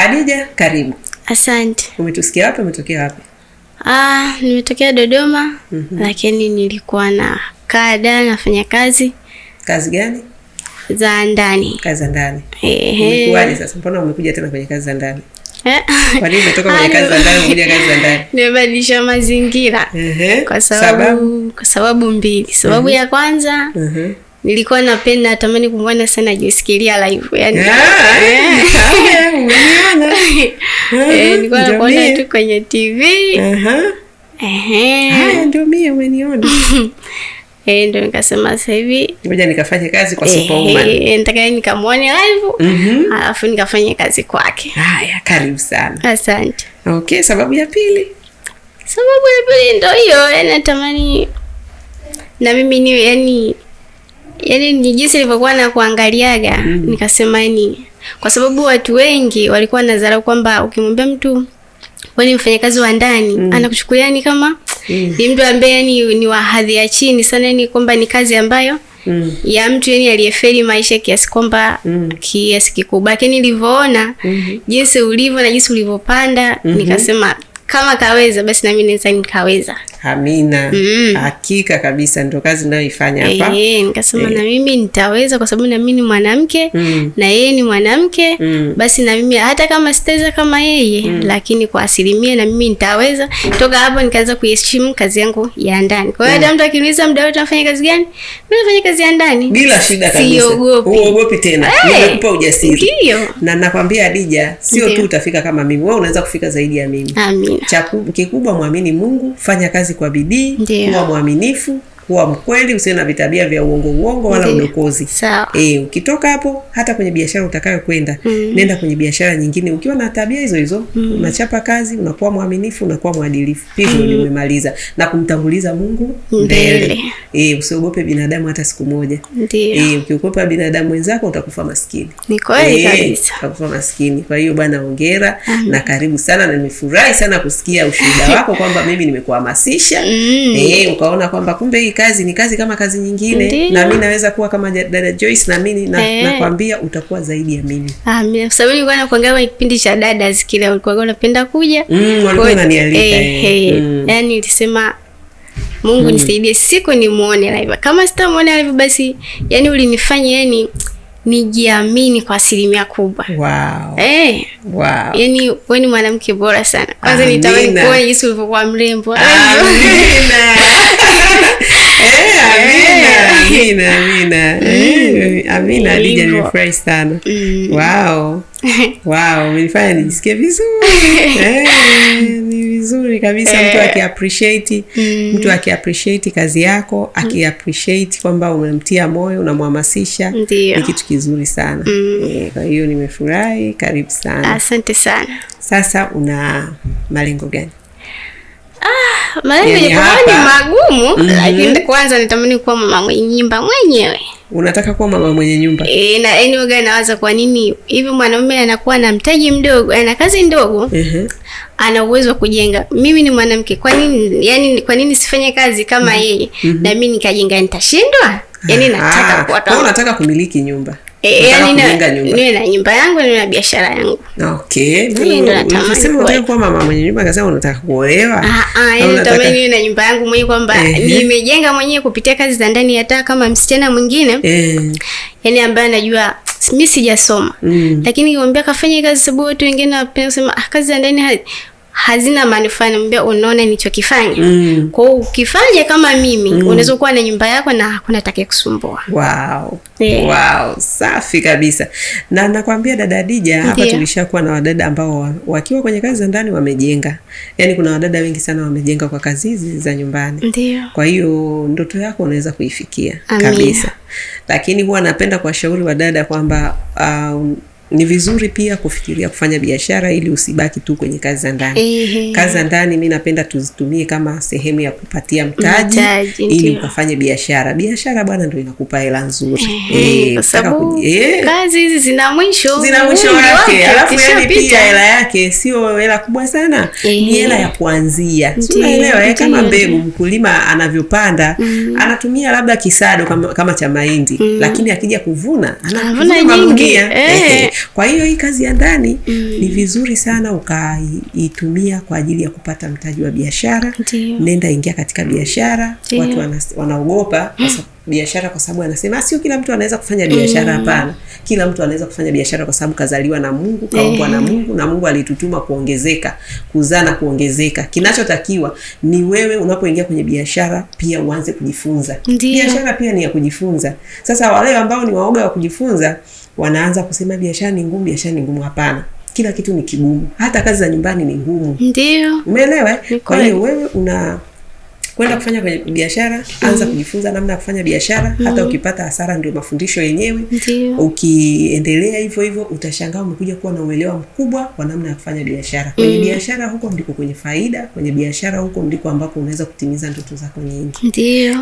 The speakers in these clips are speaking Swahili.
adija karibu. Asante. Umetusikia wapi? Umetokea wapi? Ah, nimetokea Dodoma. mm -hmm. Lakini nilikuwa na kada nafanya kazi. Kazi gani? Za ndani. Kazi za ndani. Umekuwaje sasa? Mbona umekuja tena kwenye kazi za ndani? Eh. Kwa nini umetoka kwenye kazi za ndani umekuja kazi za ndani? Nimebadilisha mazingira. Ehe. Kwa sababu sababu, kwa sababu mbili. Sababu mhm. ya kwanza, mhm. nilikuwa napenda natamani kumwona sana Josekelia live. Yaani. eh, nilikuwa nakuona tu kwenye TV. ndio mie umeniona. Eh, ndio nikasema sasa hivi ngoja nikafanye kazi kwa Superwoman. Eh, eh, nikamwone live. Mhm. Alafu nikafanye kazi kwake. Haya, karibu sana. Asante. Okay, sababu ya pili. Sababu ya pili ndio hiyo, yaani natamani na mimi niwe yani yani nilivyokuwa na kuangaliaga, mm. Nikasema yani kwa sababu watu wengi walikuwa wanadharau kwamba ukimwambia mtu wewe ni mfanyakazi wa ndani mm. anakuchukulia ni kama mm. ni mtu ambaye yani ni wa hadhi ya chini sana, yani kwamba ni kazi ambayo Mm. ya mtu yani aliyefeli maisha kiasi kwamba mm. kiasi kikubwa, lakini nilivyoona mm -hmm. jinsi ulivyo na jinsi ulivyopanda mm -hmm. nikasema kama kaweza basi nami naweza nikaweza. Hamina. Mm. Mm-hmm. Hakika kabisa ndio kazi ninayoifanya hapa. Eh, nikasema na mimi nitaweza kwa sababu na mimi ni mwanamke mm. na yeye ni mwanamke mm. basi na mimi hata kama sitaweza kama yeye mm. lakini kwa asilimia na mimi nitaweza. Toka hapo nikaanza kuheshimu kazi yangu ya ndani. Kwa hiyo mm. hata mm. mtu akiniuliza muda wote unafanya kazi gani? Mimi nafanya kazi ya ndani. Bila shida kabisa. Uogopi tena. Hey. Eh. Nimekupa ujasiri. Ndio. Na nakwambia Adija, sio tu utafika kama mimi. Wewe unaweza kufika zaidi ya mimi. Amina. Cha kikubwa mwamini Mungu, fanya kazi kazi kwa bidii, kuwa mwaminifu kuwa mkweli, usiwe na vitabia vya uongo uongo wala Ndiyo. udokozi. E, ukitoka hapo hata kwenye biashara utakayokwenda mm. nenda kwenye biashara nyingine ukiwa na tabia hizo hizo mm. unachapa kazi, unakuwa mwaminifu, unakuwa mwadilifu. Hivyo mm. umemaliza na kumtanguliza Mungu mbele. E, usiogope binadamu hata siku moja. E, ukiogopa binadamu wenzako utakufa maskini. Ni kweli e, kabisa. Utakufa maskini. Kwa hiyo bwana, hongera na karibu sana, na nimefurahi sana kusikia ushuhuda wako kwamba mimi nimekuhamasisha mm. e, ukaona kwamba kumbe hii kazi ni kazi kama kazi nyingine Ndiyo. na mi naweza kuwa kama dada Joyce na mimi na, hey. Eh. nakwambia utakuwa zaidi ya mimi amina kwa sababu nilikuwa nakuangalia kwenye kipindi cha dada zikile walikuwa wanapenda kuja mm, walikuwa wananialika hey, eh, eh. hey. mm. yani nilisema Mungu mm. nisaidie siku ni muone live kama sitamuone live basi yani ulinifanya yani nijiamini kwa asilimia kubwa. wow. Eh, wow. Yani we ni mwanamke bora sana. Kwanza nitamani kuona jinsi ulivyokuwa mrembo. Amina. Eh, amina, amina, eh, eh, nimefurahi sana. Wow, wow, umenifanya nijisikie vizuri. Ni vizuri kabisa mtu akiappreciate, mm. mtu akiappreciate kazi yako, akiappreciate kwamba umemtia moyo, unamhamasisha, ni kitu kizuri sana. Mm. Kwa hiyo nimefurahi. Karibu sana, asante sana. Sasa una malengo gani? Ah, yani ni magumu mm -hmm. Lakini kwanza nitamani kuwa mama mwenye nyumba mwenyewe. Unataka kuwa mama mwenye nyumba? Eh, na yani nawaza kwa nini hivi mwanaume anakuwa na mtaji mdogo, ana kazi ndogo. mm-hmm. ana uwezo wa kujenga. Mimi ni mwanamke, kwa nini yani kwa nini sifanye kazi kama mm -hmm. yeye? Mhm. Na mimi nikajenga nitashindwa? Yani ah, nataka ah. kuwa kama unataka kumiliki nyumba. Eh, eh, niwe na nyumba yangu, niwe na biashara yangu. Okay. kwa mama mwenye nyumba kasema unataka kuolewa. Ah, ah, natamani niwe na nyumba yangu mwenyewe kwamba nimejenga mwenyewe kupitia kazi za ndani, hata kama msichana mwingine yaani ambaye anajua mi sijasoma, mm. lakini kiambia kafanya kazi, sababu watu wengine wanapenda kusema ah, kazi za ndani hazina manufaa niambia, unaona nilichokifanya mm. Kwa hiyo ukifanya kama mimi mm. unaweza kuwa na nyumba yako na hakuna atakaye kusumbua. Wow. Yeah. Wow, safi kabisa. Na nakwambia dada Adija, hapa tulishakuwa na wadada ambao wakiwa kwenye kazi za ndani wamejenga, yani kuna wadada wengi sana wamejenga kwa kazi hizi za nyumbani. Ndiyo. Kwa hiyo ndoto yako unaweza kuifikia Amina. Kabisa, lakini huwa napenda kuwashauri wadada kwamba uh, ni vizuri pia kufikiria kufanya biashara ili usibaki tu kwenye kazi za ndani. Kazi za ndani mi napenda tuzitumie kama sehemu ya kupatia mtaji, mtaji ili ukafanye biashara. Biashara bwana ndo inakupa hela nzuri, eh, eh. kazi hizi zina mwisho, zina mwisho wake. Alafu yani pia hela yake sio hela kubwa sana, ni hela ya kuanzia. Unaelewa, eh? kama mbegu mkulima anavyopanda mm. anatumia labda kisado kama, kama cha mahindi mm. lakini akija kuvuna anavuna nyingi. Kwa hiyo hii kazi ya ndani mm. ni vizuri sana ukaitumia kwa ajili ya kupata mtaji wa biashara. Nenda ingia katika biashara. Watu wana, wanaogopa mm. biashara kwa sababu anasema ah, sio kila mtu anaweza kufanya biashara. Mm. Hapana, mm. kila mtu anaweza kufanya biashara kwa sababu kazaliwa na Mungu, kaumbwa na eh. Mungu na Mungu alitutuma kuongezeka, kuzaa na kuongezeka. Kinachotakiwa ni wewe unapoingia kwenye biashara pia uanze kujifunza. Biashara pia ni ya kujifunza. Sasa wale ambao ni waoga wa kujifunza wanaanza kusema biashara ni ngumu, biashara ni ngumu. Hapana, kila kitu ni kigumu, hata kazi za nyumbani ni ngumu. Ndio, umeelewa? Eh? Kwa hiyo wewe una kwenda kufanya kwenye biashara, mm. anza mm-hmm. kujifunza namna ya kufanya biashara. mm. Hata mm-hmm. ukipata hasara, ndio mafundisho yenyewe. Ukiendelea hivyo hivyo, utashangaa umekuja kuwa na uelewa mkubwa wa namna ya kufanya biashara. Kwenye mm. biashara huko ndiko kwenye faida, kwenye biashara huko ndiko ambapo unaweza kutimiza ndoto zako nyingi.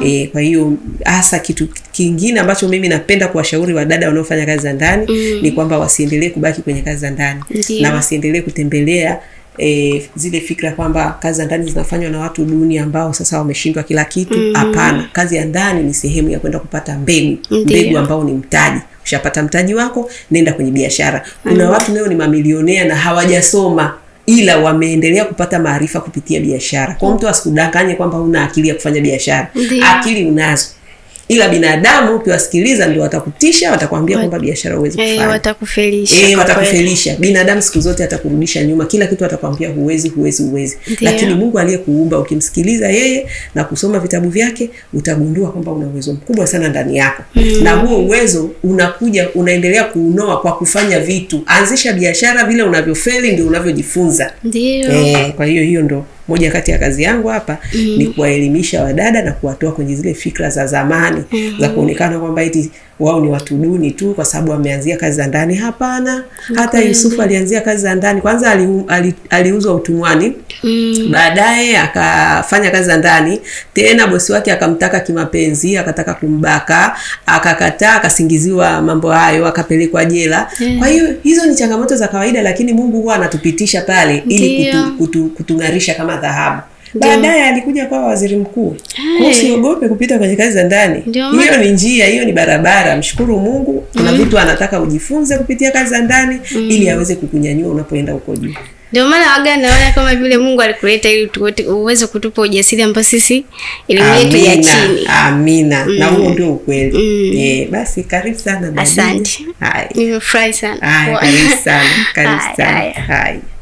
e, kwa hiyo hasa kitu kingine ambacho mimi napenda kuwashauri wadada wanaofanya kazi za ndani mm, ni kwamba wasiendelee kubaki kwenye kazi za ndani na wasiendelee kutembelea e, zile fikra kwamba kazi za ndani zinafanywa na watu duni ambao sasa wameshindwa kila kitu. Mm-hmm. Hapana, mm -hmm. Kazi ya ndani ni sehemu ya kwenda kupata mbegu, mbegu ambao ni mtaji. Ushapata mtaji wako, nenda kwenye biashara. Kuna watu leo ni mamilionea na hawajasoma ila wameendelea kupata maarifa kupitia biashara. Kwa mm. mtu asikudanganye kwamba una akili ya kufanya biashara. Akili unazo ila binadamu ukiwasikiliza ndio watakutisha, watakwambia Wat, kwamba biashara huwezi eh, kufanya eh, watakufelisha eh, watakufelisha. Binadamu siku zote atakurudisha nyuma, kila kitu atakwambia huwezi, huwezi, huwezi. Lakini Mungu aliyekuumba ukimsikiliza yeye na kusoma vitabu vyake utagundua kwamba una uwezo mkubwa sana ndani yako mm. na huo uwezo unakuja unaendelea kuunoa kwa kufanya vitu. Anzisha biashara, vile unavyofeli ndio unavyojifunza. Ndiyo. Eh, kwa hiyo hiyo ndo moja kati ya kazi yangu hapa mm. ni kuwaelimisha wadada na kuwatoa kwenye zile fikra za zamani mm -hmm. za mm-hmm. kuonekana kwamba eti wao ni watu duni tu kwa sababu wameanzia kazi za ndani. Hapana, hata Yusufu alianzia kazi za ndani. Kwanza aliuzwa ali, ali utumwani mm. baadaye akafanya kazi za ndani tena, bosi wake akamtaka kimapenzi, akataka kumbaka, akakataa, akasingiziwa mambo hayo, akapelekwa jela yeah. Mm. Kwa hiyo hizo ni changamoto za kawaida, lakini Mungu huwa anatupitisha pale ili kutu, kutu, kutung'arisha kama dhahabu baadaye alikuja kwa waziri mkuu. Usiogope kupita kwenye kazi za ndani, hiyo ni njia, hiyo ni barabara. Mshukuru Mungu, kuna mm. vitu mm. anataka ujifunze kupitia kazi za ndani mm. ili aweze kukunyanyua unapoenda huko juu. Ndio maana waga naona kama vile Mungu alikuleta ili uweze kutupa ujasiri ambao sisi elimu yetu ya chini. Amina. Mm. Na huo ndio ukweli. Mm. Eh, basi karibu sana Asante. Hai. Nimefurahi sana. Hai, karibu sana. Karibu sana. Hai.